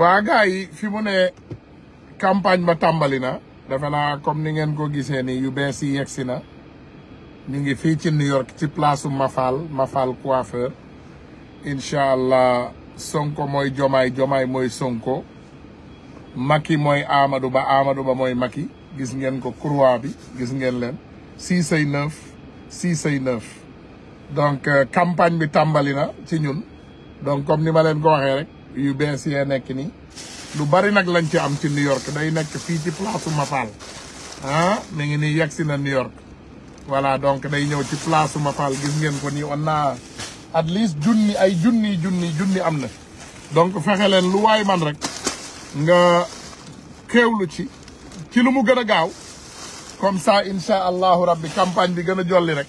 waa gars yi fi mu ne campagne ba tàmbali na defe naa comme ni ngeen ko gisee ni yu bees yi yegsi na ñu ngi fii ci New York ci place Mafal Mafal coiffeur incha allah Sonko mooy Jomaay Jomaay mooy Sonko Macky mooy Amadou Ba Amadou Ba mooy Macky gis ngeen ko croix bi gis ngeen leen six ay neuf six ay neuf donc euh, campagne bi tàmbali na ci ñun donc comme ni ma leen ko waxee rek yu bees yee nekk nii lu bari nag lañ ci am ci New York day nekk fii ci place Mafal ah mi ngi nii yegg si na New York voilà donc day ñëw ci place Mafal gis ngeen ko nii on a at least junni ay junni junni junni am na donc fexe leen lu waay man rek nga xéewlu ci ci lu mu gën a gaaw comme ça incha allahu rabbi campagne bi gën a jolli rek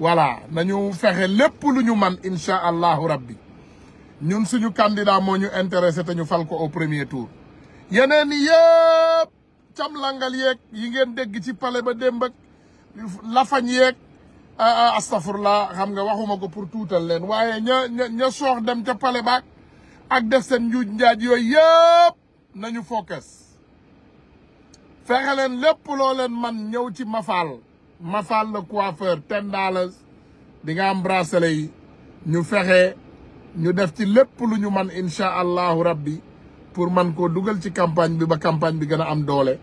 voilà nañu fexe lépp lu ñu man incha allahu rabbi ñun suñu candidat moo ñu intéressé te ñu fal ko au premier tour yeneen cam langal yeeg yi ngeen dégg ci palais ba démb ak lafañ yeeg astafurla xam nga waxuma ko pour tuutal leen waaye ña ña soox dem ca palais baak ak def seen njuuj njaaj yooyu yëpp nañu focus fexe leen lépp loo leen man ñëw ci mafaal mafaal la coiffeur ten dollars di nga am bracelet yi ñu fexe ñu def ci lépp lu ñu man incha allahu rabbi pour man koo dugal ci campagne bi ba campagne bi gën a am doole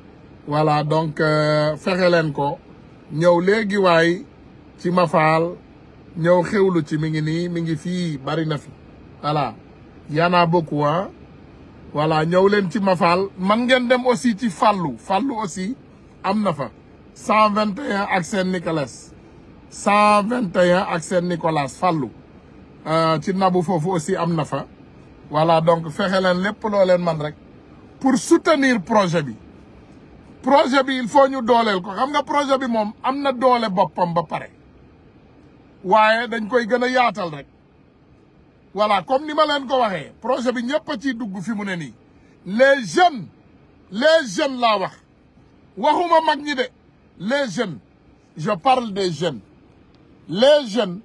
voilà donc euh, fexe leen ko ñëw léegi waay ci mafaal ñëw xewlu ci mi ngi nii mi ngi fii bari na fi voilà yaanaa bokku wa voilà ñëw leen ci mafaal man ngeen dem aussi ci fàllu fàllu aussi am na fa cent vingt et ak sen Nicolas cent vingt ak Saint Nicolas fàllu Euh, ci nabu foofu aussi am na fa voilà donc fexe leen lépp looleen man rek pour soutenir projet bi projet bi il faut ñu dooleel ko xam nga projet bi moom am na doole boppam ba pare waaye dañ koy gën a yaatal rek voilà comme ni ma leen ko waxee projet bi ñëpp a ciy dugg fi mu ne nii les jeunes les jeunes laa wax waxuma mag ñi de les jeunes je parle des jeunes les jeunes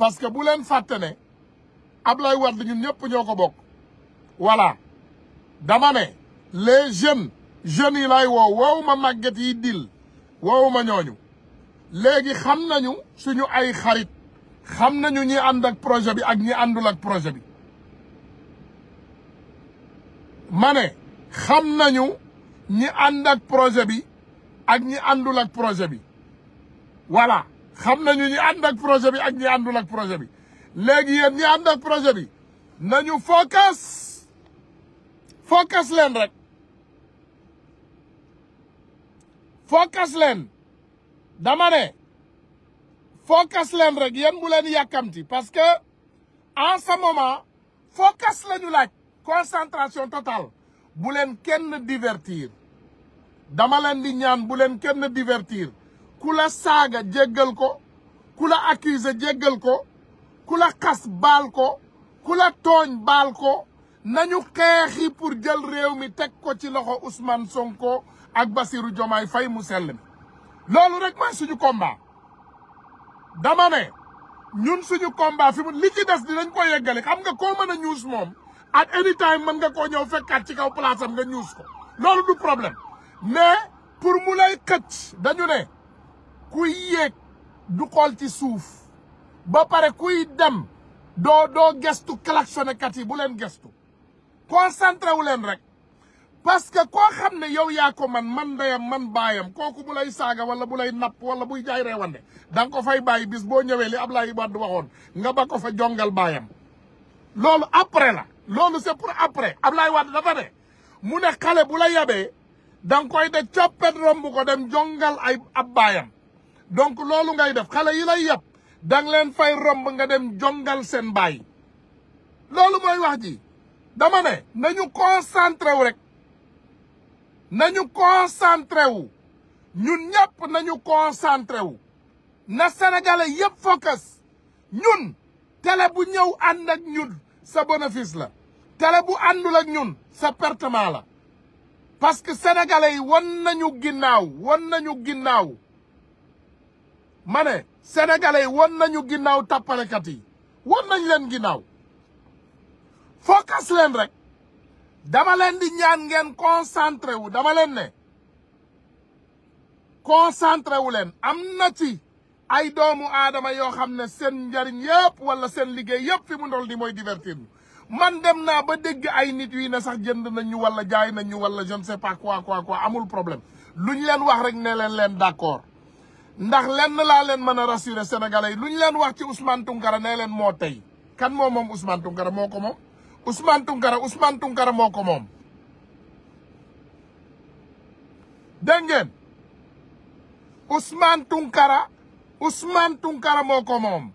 parce que bu leen fàtte ne Ablaye Wade ñun ñëpp ñoo ko bokk voilà dama ne les jeunes jeunes yi lay woo wow ma màgget yi dil woowu ma ñooñu léegi xam nañu suñu ay xarit xam nañu ñi ànd ak projet bi ak ñi àndul ak projet bi ma ne xam nañu ñi ànd ak projet bi ak ñi àndul ak projet bi voilà xam nañu ni ànd ak projet bi ak ñi àndul ak projet bi léegi yéen ñi ànd ak projet bi nañu focus focus leen rek focus leen dama ne focus leen rek yéen bu leen yàkkamti parce que en ce moment focus la ñu laaj concentration totale bu leen kenn divertir dama leen di ñaan bu leen kenn divertir ku la saaga jéggal ko ku la accuser jéggal ko ku la xas baal ko ku la tooñ baal ko nañu xeexi pour jël réew mi teg ko ci loxo Ousmane Sonko ak Bassirou Diomaye fay mu sell mi loolu rek mooy suñu combat dama ñun suñu combat fi mu li ci des dinañ ko yeggale xam nga koo mën a moom at any time mën nga koo ñëw fekkaat ci kaw place am nga ñuus ko loolu du problème mais pour mu lay xëcc dañu ne kuy yéeg du xool ci suuf ba pare kuy dem doo doo gestu klaxonnekat yi bu leen gestu concentré wu leen rek parce que koo xam ne yow yaa ko man man ndeyam man baayam kooku bu lay saaga wala bu lay napp wala buy jaay reewande da nga ko fay bàyyi bis boo ñëwee li Ablaye Wade waxoon nga ba ko fa jongal baayam loolu après la loolu c'est pour après Ablaye Wade dafa ne mu ne xale bu la yabee da nga koy de coppet romb ko dem jongal ay ab baayam donc loolu ngay def xale yi lay yab da leen fay romb nga dem jongal seen baay loolu mooy wax ji dama ne nañu concentré wu rek nañu concentré wu ñun ñëpp nañu concentré wu na sénégalais yëpp focus ñun télé bu ñëw ànd ak ñun sa bénéfice la télé bu àndul ak ñun sa pertement la parce que sénégalais yi wan nañu ginnaaw wan nañu ginnaaw ma ne sénégalais yi won nañu ginnaaw tappalekat yi won nañ leen ginnaaw focus leen rek dama leen di ñaan ngeen concentré wu dama leen ne concentré wu leen am na ci ay doomu aadama yoo xam ne seen njariñ yëpp wala seen liggéey yëpp fi mu ndol di mooy divertir man dem naa ba dégg ay nit yi ne sax jënd nañu wala jaay nañu wala je ne sais pas quoi quoi quoi amul problème luñ leen wax rek ne leen leen d'accord ndax lenn laa leen mën a rassurer sénégalais lu ñu leen wax ci Ousmane Tounkara leen moo tey kan moo moom Ousmane moo ko moom Ousmane Tounkara Ousmane Tounkara moo ko moom dégg ngeen Ousmane moo ko moom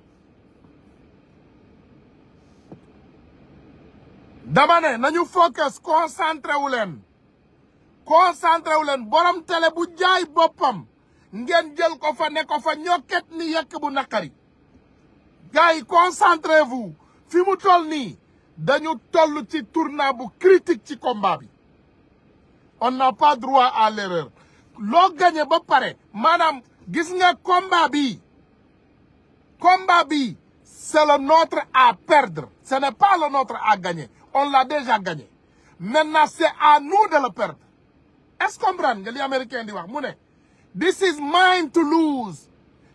dama ne nañu focus concentré wu leen wu leen borom tele bu jaay boppam ngeen jël ko fa nekko ko fa ñokket ni yekk bu naqari gars yi concentrez-vous fi mu toll nii dañu toll ci tournant bu critique ci combat bi on n'a pas droit à l'erreur loo gagné ba pare maanaam gis nga combat bi combat bi c'est le nôtre à perdre ce n'est pas le nôtre à gagner on l'a déjà gagné na c'est à nous de le perdre est-ce comprendre nga li di wax mu ne This is mine to lose.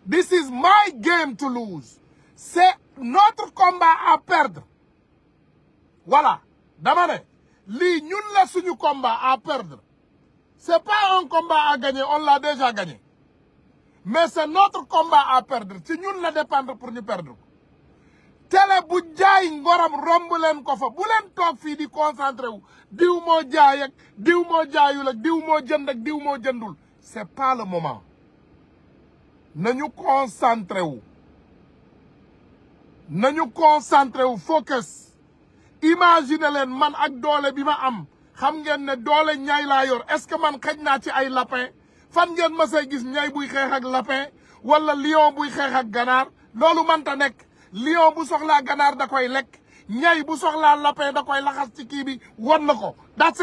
This is my game to lose. C'est notre combat à perdre. Voilà. dama ne lii ñun la suñu combat à perdre. C'est pas un combat à gagner, on l'a déjà gagné. Mais c'est notre combat à perdre. ci ñun la dépendre pour ñu perdre ko. télé bu jaay ngoram romb leen ko fa bu leen toog fii di concentré wu diw moo jaay di diw moo jaayul ak diw moo jënd di diw moo jëndul. c'est pas le moment nañu concentré wu nañu concentré wu focus imagine leen man ak doole bi ma am xam ngeen ne doole ñay laa yor est-ce que man xëj naa ci ay lapin fan ngeen mësee gis ñay buy xeex ak lapin wala lion buy xeex ak ganaar loolu mënta nekk lion bu soxlaa ganaar da koy lekk ñay bu soxlaa lapin da koy laxas ci kii bi won na ko that's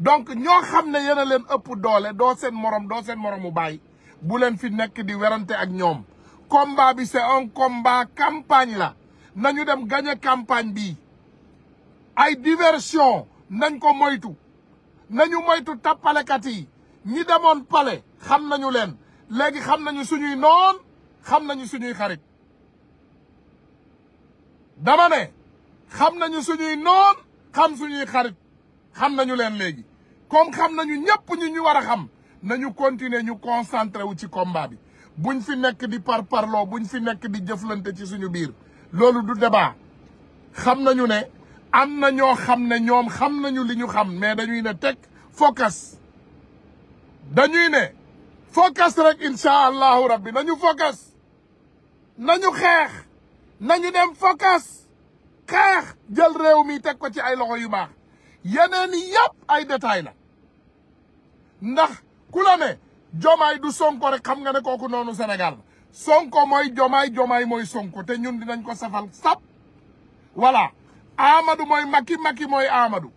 donc ñoo xam ne yéen leen ëpp doole doo seen morom doo seen moromu bàyyi bu leen fi nekk di werante ak ñoom combat bi c'est un combat campagne la nañu dem gagner campagne bi ay diversion nañ ko moytu nañu moytu tappalekat yi ñi demoon pale xam nañu leen léegi xam nañu suñuy noon xam nañu suñuy xarit dama ne xam nañu suñuy noon xam suñuy xarit xam nañu leen léegi comme xam nañu ñëpp ñu ñu war a xam nañu continuer ñu concentré wu ci combat bi buñ fi nekk di par parloo buñ fi nekk di jëflante ci suñu biir loolu du débat xam nañu ne am na ñoo xam ne ñoom xam nañu li ñu xam mais dañuy ne teg focus dañuy ne focus rek incha allahu rabbi nañu focus nañu xeex nañu dem focus xeex jël réew mi teg ko ci ay loxo yu baax yeneen yëpp ay détail la ndax ku la ne jomaay du sonko rek xam nga ne kooku noonu Sénégal sonko mooy jomaay jomaay mooy sonko te ñun dinañ ko safal sap voilà Amadou mooy Macky Macky mooy Amadou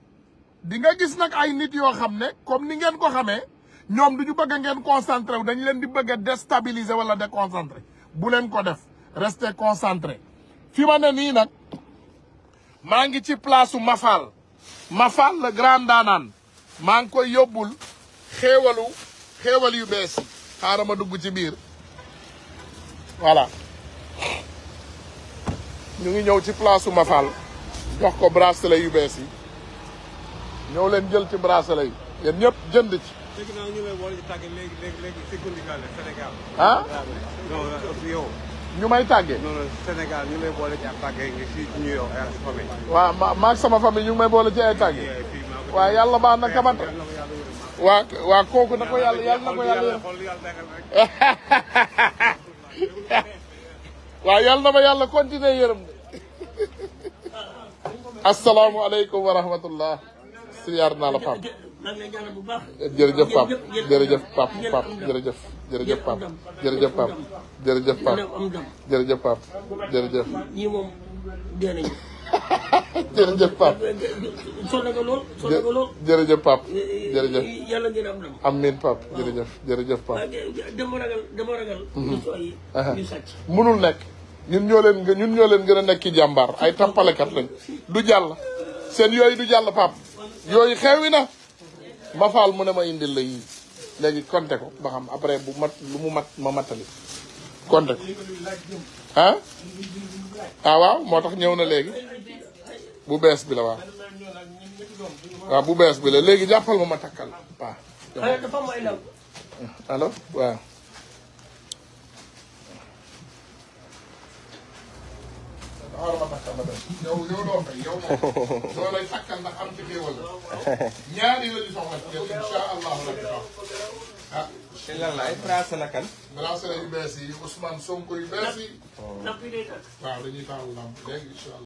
di nga gis nag ay nit yoo xam ne comme ni ngeen ko xamee ñoom du ñu bëgg ngeen concentré wu dañ leen di bëgg a déstabiliser wala déconcentré bu leen ko def restez concentré fi ma ne nii nag maa ngi ci place su Mafal ma fal le maa ngi koy yóbbul xéewalu xéewal yu bees yi xaaral ma ci biir voilà ñu ngi ñëw ci place ma fal jox ko bracelet yu bees yi ñëw leen jël ci bracelet yi yéen ñëpp jënd ci. dégg naa ñu ngi lay woo léegi léegi léegi ñu may tàggee. non non ma sama famille ñu ngi may boole ci ay tàggee. waaw yàlla baax na kamat. waa kooku na ko yàlla yàlla na ko yàlla. waaw yàlla na ma yàlla continuer de. asalaamualeykum wa rahmatullah. siyaar naa la Pape. jërëjëf jërëjëf Pape jërëjëf Pape jërëjëf Pape jërëjëf Pape jërëjëf. ñii moom dee nañu. jërëjëf Pape. sonn nga lool sonn nga lool. jërëjëf Pape eh, eh, jërëjëf. yàlla ngeen am ndam. amiin Pape jërëjëf jërëjëf Pape. dama ragal dama ragal. Mhm. ñu sàcc. mënul nekk ñun ñoo leen ñun ñoo leen gën a nekk jàmbaar ay tappalekat lañ du jàll seen yooyu du jàll Pape yooyu xewi na ma faal mu ne ma indil la yii. léegi compté ko ba xam après bu mat lu mu mat ma matali compté ko ah ah waaw moo tax ñëw na léegi bu bees bi la waaw waaw bu bees bi la léegi jàppal ma ma takkal waaw allo waaw xaaral ma takkal la benn yow yow doo fay yow moom doo lay takkal ndax am ci xéewal la ñaari yooyu soxla ci yow incha allahu rabbi ah. te lan la ay bracelet la kan. bracelet yu bees yi Ousmane Sonko yu bees yi. waaw dañuy taal lamb léegi incha allah.